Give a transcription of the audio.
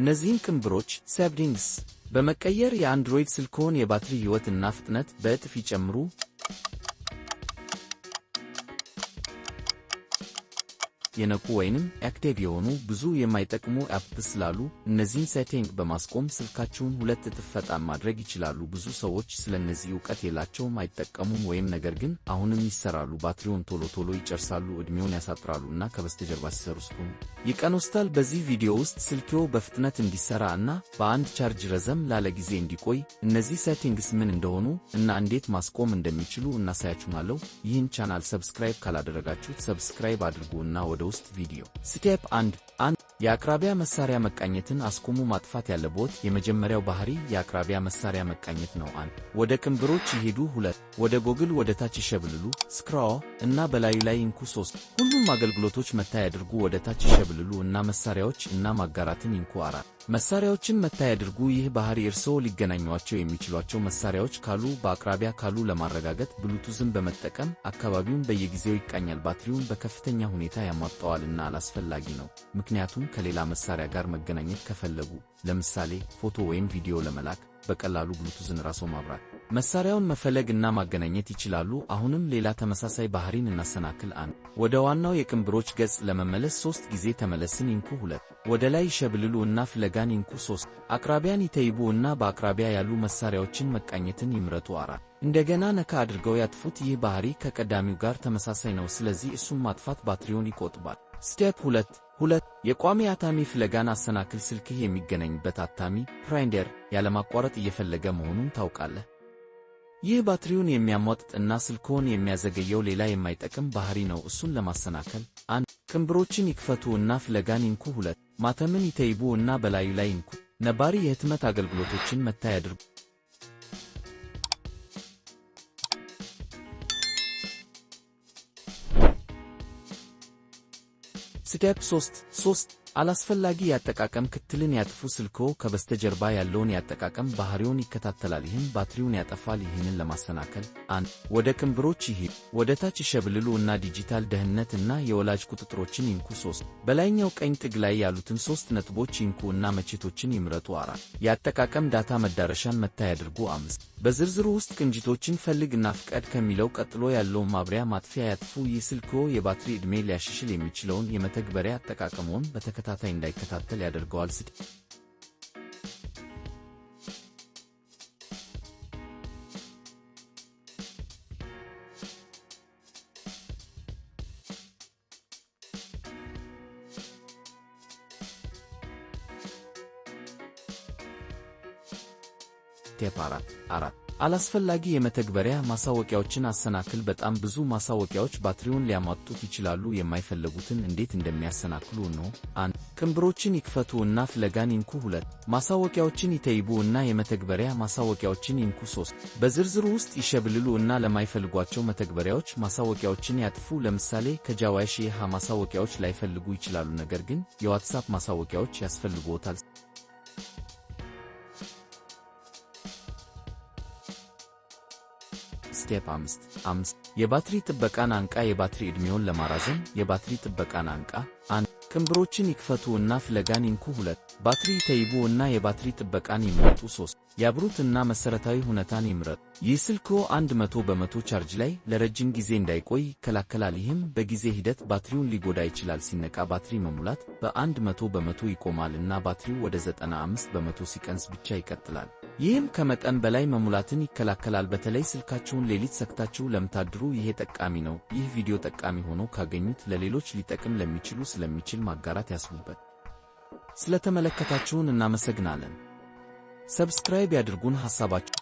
እነዚህን ቅንብሮች ሴቲንግስ በመቀየር የአንድሮይድ ስልክዎን የባትሪ ሕይወት እና ፍጥነት በእጥፍ ይጨምሩ። ውስጥ የነቁ ወይንም አክቲቭ የሆኑ ብዙ የማይጠቅሙ አፕስ ስላሉ እነዚህን ሴቲንግ በማስቆም ስልካችሁን ሁለት እጥፍ ፈጣን ማድረግ ይችላሉ። ብዙ ሰዎች ስለነዚህ እውቀት የላቸውም፣ አይጠቀሙም ወይም ነገር ግን አሁንም ይሰራሉ፣ ባትሪውን ቶሎ ቶሎ ይጨርሳሉ፣ እድሜውን ያሳጥራሉ እና ከበስተጀርባ ሲሰሩ ስኩን በዚህ ቪዲዮ ውስጥ ስልክዎ በፍጥነት እንዲሰራ እና በአንድ ቻርጅ ረዘም ላለ ጊዜ እንዲቆይ እነዚህ ሴቲንግስ ምን እንደሆኑ እና እንዴት ማስቆም እንደሚችሉ እናሳያችኋለሁ። ይህን ቻናል ሰብስክራይብ ካላደረጋችሁት ሰብስክራይብ አድርጉ እና ወደ ወደ ውስጥ ቪዲዮ። ስቴፕ 1 1 የአቅራቢያ መሳሪያ መቃኘትን አስቁሙ። ማጥፋት ያለቦት የመጀመሪያው ባህሪ የአቅራቢያ መሳሪያ መቃኘት ነው። አንድ ወደ ቅንብሮች ይሄዱ። ሁለት ወደ ጎግል ወደ ታች ይሸብልሉ ስክራዎ እና በላዩ ላይ ይንኩ። ሶስት ሁሉም አገልግሎቶች መታ ያድርጉ። ወደ ታች ይሸብልሉ እና መሳሪያዎች እና ማጋራትን ይንኩ። አራት መሳሪያዎችን መታ ያድርጉ። ይህ ባህሪ እርስዎ ሊገናኟቸው የሚችሏቸው መሳሪያዎች ካሉ በአቅራቢያ ካሉ ለማረጋገጥ ብሉቱዝን በመጠቀም አካባቢውን በየጊዜው ይቃኛል። ባትሪውን በከፍተኛ ሁኔታ ያሟጠዋልና አላስፈላጊ ነው። ምክንያቱም ከሌላ መሳሪያ ጋር መገናኘት ከፈለጉ፣ ለምሳሌ ፎቶ ወይም ቪዲዮ ለመላክ በቀላሉ ብሉቱዝን ራስዎ ማብራት፣ መሳሪያውን መፈለግ እና ማገናኘት ይችላሉ። አሁንም ሌላ ተመሳሳይ ባህሪን እናሰናክል። አን ወደ ዋናው የቅንብሮች ገጽ ለመመለስ ሶስት ጊዜ ተመለስን ይንኩ። ሁለት ወደ ላይ ይሸብልሉ እና ፍለጋን ይንኩ። ሶስት አቅራቢያን ይተይቡ እና በአቅራቢያ ያሉ መሳሪያዎችን መቃኘትን ይምረጡ። አራት እንደገና ነካ አድርገው ያጥፉት። ይህ ባህሪ ከቀዳሚው ጋር ተመሳሳይ ነው፣ ስለዚህ እሱም ማጥፋት ባትሪውን ይቆጥባል። ስቴፕ ሁለት ሁለት የቋሚ አታሚ ፍለጋን አሰናክል። ስልክህ የሚገናኝበት አታሚ ፕራይንደር ያለማቋረጥ እየፈለገ መሆኑን ታውቃለህ። ይህ ባትሪውን የሚያሟጥጥ እና ስልክዎን የሚያዘገየው ሌላ የማይጠቅም ባህሪ ነው። እሱን ለማሰናከል አንድ ቅንብሮችን ይክፈቱ እና ፍለጋን ይንኩ። ሁለት ማተምን ይተይቡ እና በላዩ ላይ ይንኩ። ነባሪ የህትመት አገልግሎቶችን መታ ያድርጉ። ስቴፕ 3 3 አላስፈላጊ የአጠቃቀም ክትልን ያጥፉ። ስልክዎ ከበስተጀርባ ያለውን የአጠቃቀም ባህሪውን ይከታተላል፣ ይህም ባትሪውን ያጠፋል። ይህንን ለማሰናከል አንድ ወደ ቅንብሮች ይሂዱ፣ ወደ ታች ይሸብልሉ እና ዲጂታል ደህንነት እና የወላጅ ቁጥጥሮችን ይንኩ። ሶስት በላይኛው ቀኝ ጥግ ላይ ያሉትን ሶስት ነጥቦች ይንኩ እና መቼቶችን ይምረጡ። አራት የአጠቃቀም ዳታ መዳረሻን መታ ያድርጉ። አምስት በዝርዝሩ ውስጥ ቅንጅቶችን ፈልግ እና ፍቀድ ከሚለው ቀጥሎ ያለውን ማብሪያ ማጥፊያ ያጥፉ። ይህ ስልክዎ የባትሪ ዕድሜ ሊያሻሽል የሚችለውን የመተግበሪያ አጠቃቀምዎን በተከ ተከታታይ እንዳይከታተል ያደርገዋል። ስድ ቴፕ አራት አራት አላስፈላጊ የመተግበሪያ ማሳወቂያዎችን አሰናክል። በጣም ብዙ ማሳወቂያዎች ባትሪውን ሊያሟጡት ይችላሉ። የማይፈለጉትን እንዴት እንደሚያሰናክሉ ነው። አንድ ቅንብሮችን ይክፈቱ እና ፍለጋን ይንኩ። ሁለት ማሳወቂያዎችን ይተይቡ እና የመተግበሪያ ማሳወቂያዎችን ይንኩ። ሶስት በዝርዝሩ ውስጥ ይሸብልሉ እና ለማይፈልጓቸው መተግበሪያዎች ማሳወቂያዎችን ያጥፉ። ለምሳሌ ከጃዋይሽ የሃ ማሳወቂያዎች ላይፈልጉ ይችላሉ፣ ነገር ግን የዋትሳፕ ማሳወቂያዎች ያስፈልግዎታል። 5.5 የባትሪ ጥበቃን አንቃ የባትሪ ዕድሜውን ለማራዘም የባትሪ ጥበቃን አንቃ አንድ ክምብሮችን ይክፈቱ እና ፍለጋን ይንኩ። ሁለት ባትሪ ይተይቡ እና የባትሪ ጥበቃን ይምረጡ። ሶስት ያብሩት እና መሠረታዊ ሁነታን ይምረጡ። ይህ ስልክዎ አንድ መቶ በመቶ ቻርጅ ላይ ለረጅም ጊዜ እንዳይቆይ ይከላከላል። ይህም በጊዜ ሂደት ባትሪውን ሊጎዳ ይችላል። ሲነቃ ባትሪ መሙላት በአንድ መቶ በመቶ ይቆማል እና ባትሪው ወደ ዘጠና አምስት በመቶ ሲቀንስ ብቻ ይቀጥላል። ይህም ከመጠን በላይ መሙላትን ይከላከላል። በተለይ ስልካችሁን ሌሊት ሰክታችሁ ለምታድሩ ይሄ ጠቃሚ ነው። ይህ ቪዲዮ ጠቃሚ ሆኖ ካገኙት ለሌሎች ሊጠቅም ለሚችሉ ስለሚችል ማጋራት ያስቡበት። ስለተመለከታችሁን እናመሰግናለን። ሰብስክራይብ ያድርጉን ሐሳባችሁ